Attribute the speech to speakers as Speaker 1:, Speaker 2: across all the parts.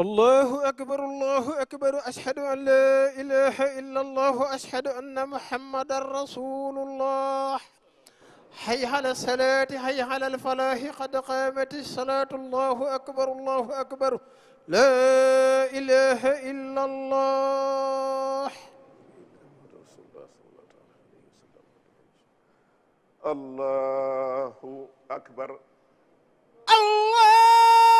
Speaker 1: allahu akbar allahu akbar ashhadu an la ilaha illa allah wa ashhadu anna muhammadan rasulullah hayya ala salaati hayya ala falaahi qad qaamati salaatu allahu akbar allahu akbar la ilaha illa allah allahu akbar
Speaker 2: allah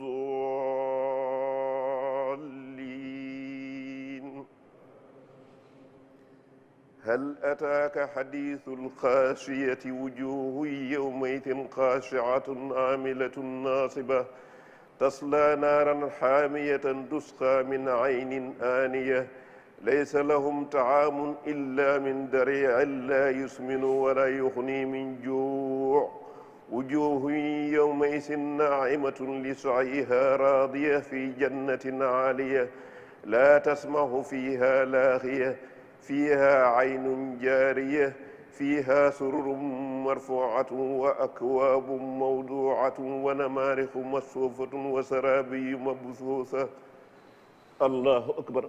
Speaker 1: الضالين هل أتاك حديث الخاشية وجوه يومئذ خاشعة عاملة ناصبة تصلى نارا حامية تسقى من عين آنية ليس لهم طعام إلا من دريع لا يسمن ولا يغني من جوع وجوه يومئذ ناعمة لسعيها راضية في جنة عالية لا تسمع فيها لاغية فيها عين جارية فيها سرر مرفوعة وأكواب موضوعة ونمارق مصفوفة وسرابي مبثوثة الله أكبر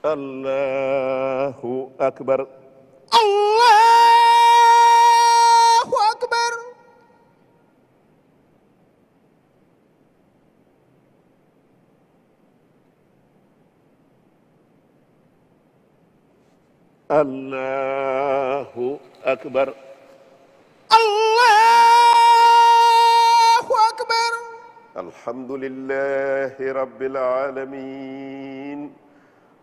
Speaker 1: allahu akbar
Speaker 2: allahu akbar
Speaker 1: allahu akbar
Speaker 2: allahu akbar
Speaker 1: alhamdulillahi rabbil alamin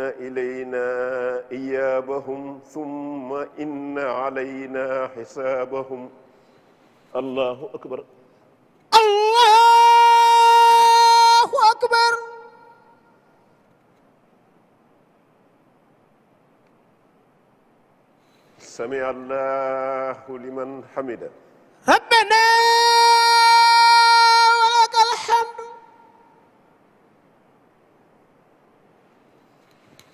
Speaker 1: إن إلينا إيابهم ثم إن علينا حسابهم الله أكبر
Speaker 2: الله أكبر
Speaker 1: سمع الله لمن حمده
Speaker 2: ربنا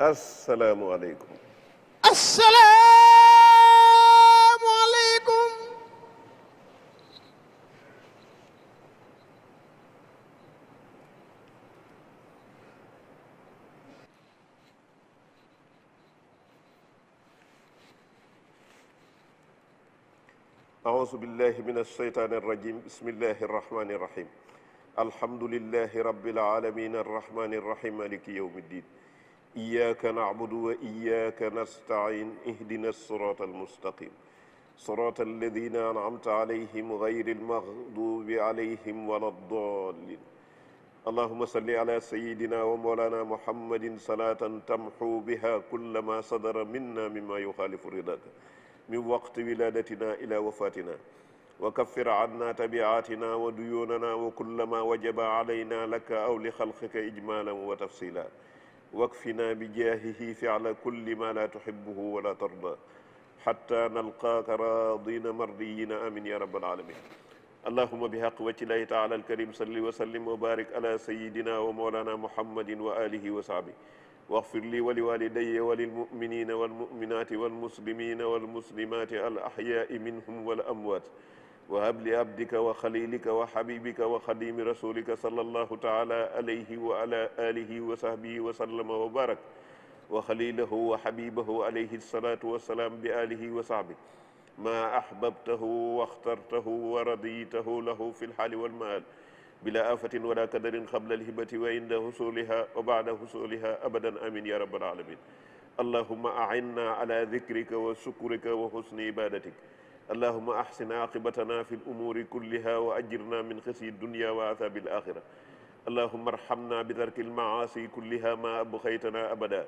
Speaker 1: asalaamualeykum.
Speaker 2: asalaamualeykum.
Speaker 1: أعوذ بالله من الشيطان الرجيم بسم الله الرحمن الرحيم الحمد لله رب العالمين الرحمن الرحيم مالك يوم الدين إياك نعبد وإياك نستعين اهدنا الصراط المستقيم صراط الذين أنعمت عليهم غير المغضوب عليهم ولا الضالين اللهم صل على سيدنا ومولانا محمد صلاة تمحو بها كل ما صدر منا مما يخالف رضاك من وقت ولادتنا إلى وفاتنا وكفر عنا تبعاتنا وديوننا وكل ما وجب علينا لك أو لخلقك إجمالا وتفصيلا wakfinaa bijaahihi fiala kulli ma laa tuhibuhu wala tarda xatta nalqaaka raadina mardiyina amin ya rabbal alamin allahuma bihaq wajhillahi taala alkarim salli wa sallim wa barik ala sayidina wa mawlana muhammadin wa alihi wa sahbi واغفر لي ولوالدي وللمؤمنين والمؤمنات والمسلمين والمسلمات الأحياء منهم والأموات wahab li abdika wa xalilika wa xabibika wa xadimi rasulika sallallahu taala alayhi wa ala alihi wa sahbihi wa sallama wa barak wa xalilahu wa xabibahu alayhi salatu wassalaam bi alihi wa sahbi maa ahbabtahu wa axtartahu wa radiytahu lahu fi lxaali walmaal bila afatin wala kadarin qabla alhibati wa inda husuliha wa bada husuliha abadan amin ya rabbal alamin allahuma ainna ala dikrika wa sukrika wa husni ibadatik allahuma ahsin aqibatana fi lumuuri kulliha wa ajirna min xisi dunia wa asabi alaxira allahuma arhamna bi tarki almaasi kulliha ma abxaytana abada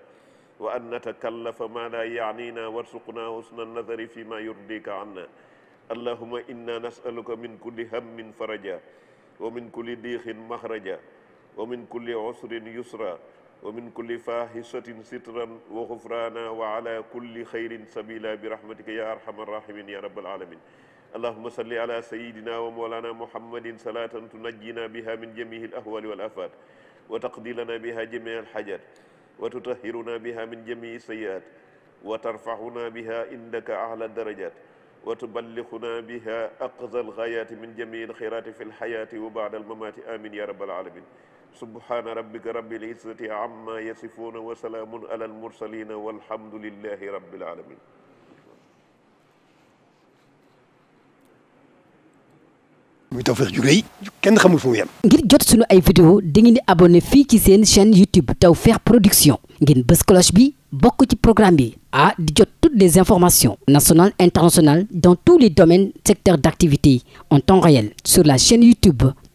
Speaker 1: wa an natakallafa ma la yaanina warsuqna husna annazari fi ma yurdika anna allahuma inna nasaluka min kulli hammin faraja wa min kulli diixin maxraja wa min kulli usrin yusra wa min kulli fahishatin sitran wa xufraana wa ala kulli xayrin sabila bi rahmatika ya arhama arrahimin ya rabbal alamin allahuma salli ala sayidina wa moolana muhammadin salatan tunajjina biha min jamihi alahwali wal afat wa taqdi lana biha jamii alhajat wa tutahiruna biha min jamii sayiat wa tarfahuna biha indaka ahla darajat wa tuballighuna biha aqza alghayati min jamii alxayrati fi alhayati wa ba'da almamati amin ya rabbal alamin subhaana rabbika rabbil izzati amma yasifuuna wa salaamun alal mursaliina walhamdulillahi rabbil aalamiin muy Tawfekh ju rëy kenn xamul
Speaker 2: ngir jot sunu ay vidéo dangeen di abonné fii ci seen chaîne YouTube Tawfekh Production ngeen bës cloche bi bokk ci programme bi ah di jot toutes les informations national internationales dans tous les domaines secteurs d'activité en temps réel sur la chaîne YouTube